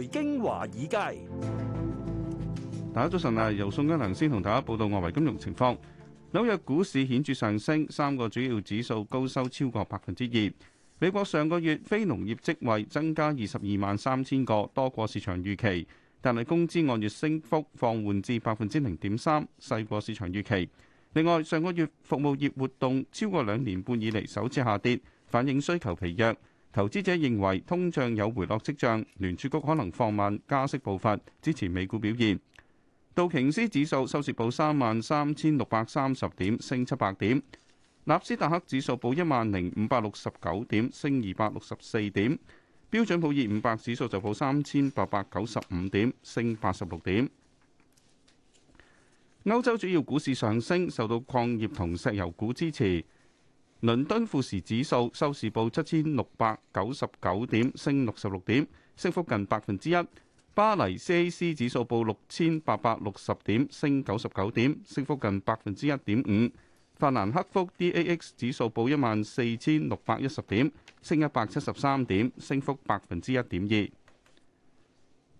財經華爾街，大家早晨啊！由宋嘉良先同大家報道外圍金融情況。紐約股市顯著上升，三個主要指數高收超過百分之二。美國上個月非農業職位增加二十二萬三千個，多過市場預期，但係工資按月升幅放緩至百分之零點三，細過市場預期。另外，上個月服務業活動超過兩年半以嚟首次下跌，反映需求疲弱。投資者認為通脹有回落跡象，聯儲局可能放慢加息步伐，支持美股表現。道瓊斯指數收市報三萬三千六百三十點，升七百點。納斯達克指數報一萬零五百六十九點，升二百六十四點。標準普爾五百指數就報三千八百九十五點，升八十六點。歐洲主要股市上升，受到礦業同石油股支持。倫敦富時指數收市報七千六百九十九點，升六十六點，升幅近百分之一。巴黎 CAC 指數報六千八百六十點，升九十九點，升幅近百分之一點五。法蘭克福 DAX 指數報一萬四千六百一十點，升一百七十三點，升幅百分之一點二。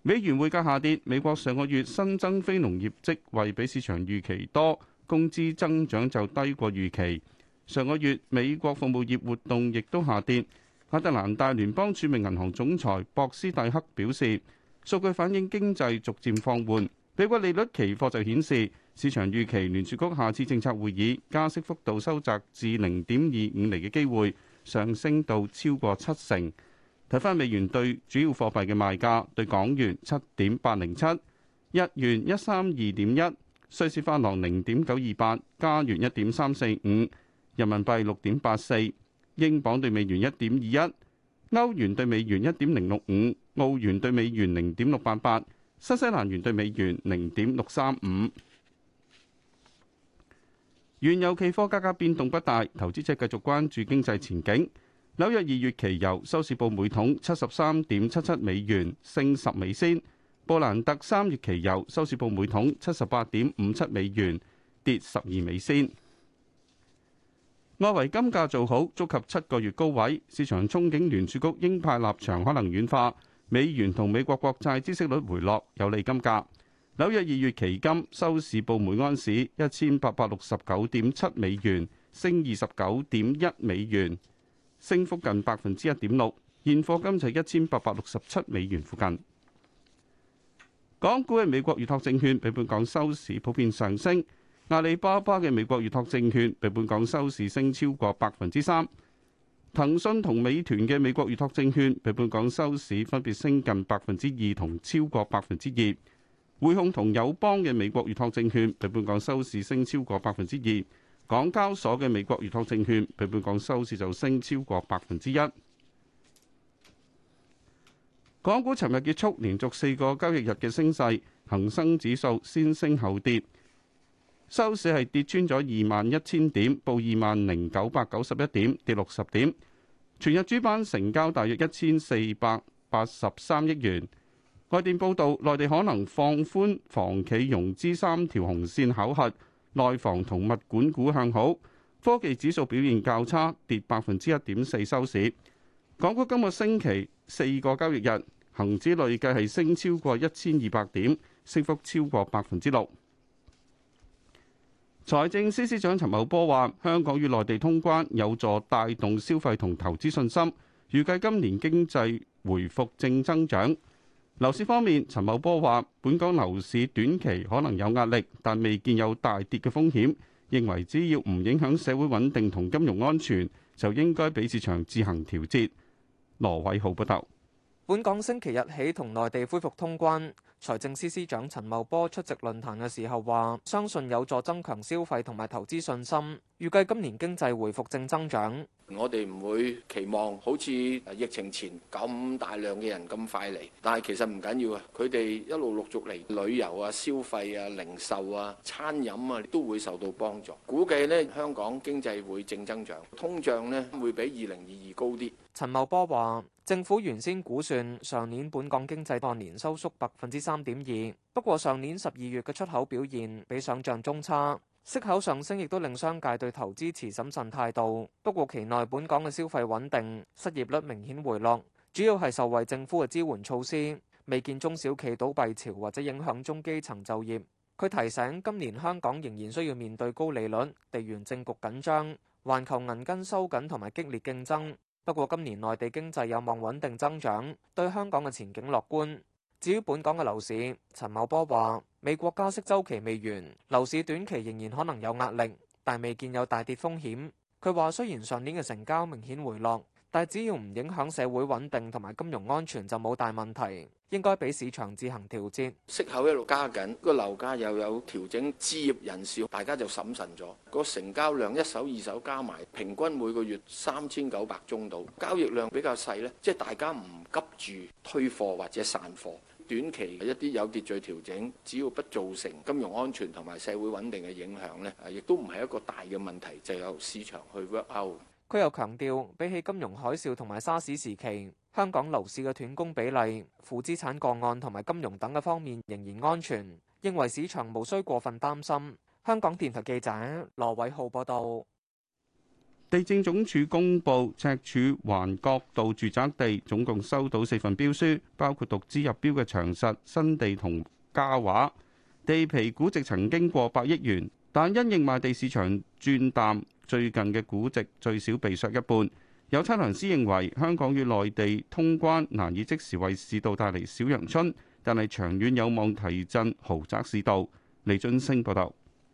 美元匯價下跌，美國上個月新增非農業職位比市場預期多，工資增長就低過預期。上個月美國服務業活動亦都下跌。亞特蘭大聯邦儲備銀行總裁博斯戴克表示，數據反映經濟逐漸放緩。美國利率期貨就顯示市場預期聯儲局下次政策會議加息幅度收窄至零點二五厘嘅機會上升到超過七成。睇翻美元對主要貨幣嘅賣價，對港元七點八零七，日元一三二點一，瑞士法郎零點九二八，加元一點三四五。人民幣六點八四，英鎊對美元一點二一，歐元對美元一點零六五，澳元對美元零點六八八，新西蘭元對美元零點六三五。原油期貨價格變動不大，投資者繼續關注經濟前景。紐約二月期油收市報每桶七十三點七七美元，升十美仙。布蘭特三月期油收市報每桶七十八點五七美元，跌十二美仙。外圍金價做好，觸及七個月高位。市場憧憬聯儲局鷹派立場可能軟化，美元同美國國債孳息率回落，有利金價。紐約二月期金收市報每安士一千八百六十九點七美元，升二十九點一美元，升幅近百分之一點六。現貨金價一千八百六十七美元附近。港股嘅美國預託證券，比本港收市普遍上升。阿里巴巴嘅美國預託證券比本港收市升超過百分之三，騰訊同美團嘅美國預託證券比本港收市分別升近百分之二同超過百分之二，匯控同友邦嘅美國預託證券比本港收市升超過百分之二，港交所嘅美國預託證券比本港收市就升超過百分之一。港股尋日結束連續四個交易日嘅升勢，恒生指數先升後跌。收市係跌穿咗二萬一千點，報二萬零九百九十一點，跌六十點。全日主板成交大約一千四百八十三億元。外電報導，內地可能放寬房企融資三條紅線考核，內房同物管股向好。科技指數表現較差，跌百分之一點四收市。港股今個星期四個交易日，恒指累計係升超過一千二百點，升幅超過百分之六。財政司司長陳茂波話：香港與內地通關有助帶動消費同投資信心，預計今年經濟回復正增長。樓市方面，陳茂波話：本港樓市短期可能有壓力，但未見有大跌嘅風險。認為只要唔影響社會穩定同金融安全，就應該俾市場自行調節。羅偉浩報道：本港星期日起同內地恢復通關。財政司司長陳茂波出席論壇嘅時候話：相信有助增強消費同埋投資信心，預計今年經濟恢復正增長。我哋唔會期望好似疫情前咁大量嘅人咁快嚟，但係其實唔緊要啊。佢哋一路陸續嚟旅遊啊、消費啊、零售啊、餐飲啊，都會受到幫助。估計呢，香港經濟會正增長，通脹呢，會比二零二二高啲。陳茂波話：政府原先估算上年本港經濟按年收縮百分之三。三點二，不過上年十二月嘅出口表現比想象中差，息口上升亦都令商界對投資持審慎態度。不過期內，本港嘅消費穩定，失業率明顯回落，主要係受惠政府嘅支援措施，未見中小企倒閉潮或者影響中基層就業。佢提醒，今年香港仍然需要面對高利率、地緣政局緊張、環球銀根收緊同埋激烈競爭。不過今年內地經濟有望穩定增長，對香港嘅前景樂觀。至於本港嘅樓市，陳茂波話：美國加息週期未完，樓市短期仍然可能有壓力，但未見有大跌風險。佢話：雖然上年嘅成交明顯回落，但只要唔影響社會穩定同埋金融安全，就冇大問題，應該俾市場自行調節。息口一路加緊，個樓價又有調整，置業人士，大家就審慎咗。個成交量一手二手加埋，平均每個月三千九百宗度，交易量比較細呢即係大家唔急住推貨或者散貨。短期嘅一啲有秩序調整，只要不造成金融安全同埋社會穩定嘅影響咧，亦都唔係一個大嘅問題，就由市場去 work out。佢又強調，比起金融海嘯同埋沙士時期，香港樓市嘅斷供比例、負資產個案同埋金融等嘅方面仍然安全，認為市場無需過分擔心。香港電台記者羅偉浩報道。地政總署公布赤柱環角道住宅地，總共收到四份標書，包括獨資入標嘅長實、新地同嘉華。地皮估值曾經過百億元，但因應賣地市場轉淡，最近嘅估值最少被削一半。有測量師認為，香港與內地通關難以即時為市道帶嚟小陽春，但係長遠有望提振豪宅市道。李津升報道。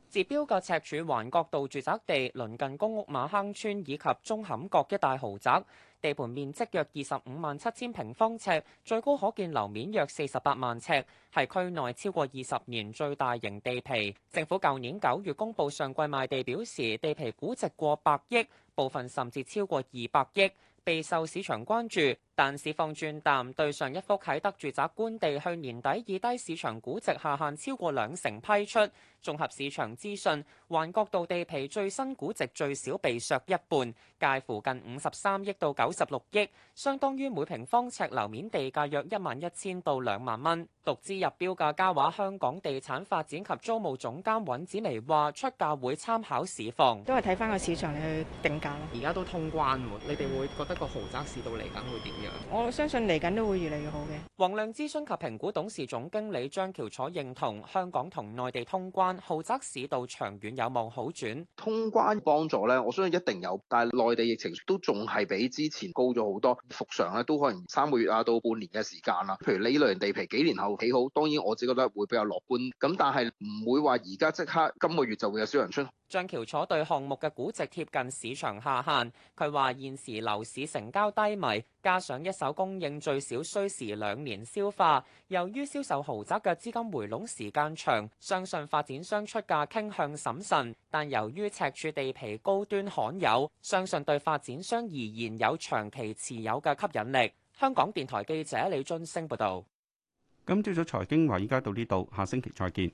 截標嘅赤柱環角道住宅地鄰近公屋馬坑村以及舂坎角的一帶豪宅，地盤面積約二十五萬七千平方尺，最高可建樓面約四十八萬尺，係區內超過二十年最大型地皮。政府舊年九月公布上季賣地，表示地皮估值過百億，部分甚至超過二百億，備受市場關注。但市況轉淡，對上一幅啟德住宅官地，去年底以低市場估值下限超過兩成批出。綜合市場資訊，環角道地皮最新估值最少被削一半，介乎近五十三億到九十六億，相當於每平方尺樓面地價約一萬一千到兩萬蚊。獨資入標價嘉華香港地產發展及租務總監尹子薇話：出價會參考市況，都係睇翻個市場你去定價咯。而家都通關喎，你哋會覺得個豪宅市道嚟緊會點樣？我相信嚟緊都會越嚟越好嘅。黃亮諮詢及評估董，董事總經理張橋楚認同香港同內地通關，豪宅市道長遠有望好轉。通關幫助咧，我相信一定有，但係內地疫情都仲係比之前高咗好多，復常咧都可能三個月啊到半年嘅時間啦。譬如你類地皮幾年後起好，當然我自己覺得會比較樂觀，咁但係唔會話而家即刻今個月就會有小人出。張橋楚對項目嘅估值貼近市場下限。佢話：現時樓市成交低迷，加上一手供應最少需時兩年消化。由於銷售豪宅嘅資金回籠時間長，相信發展商出價傾向審慎。但由於赤柱地皮高端罕有，相信對發展商而言有長期持有嘅吸引力。香港電台記者李俊升報導。今朝早財經華爾街，依家到呢度，下星期再見。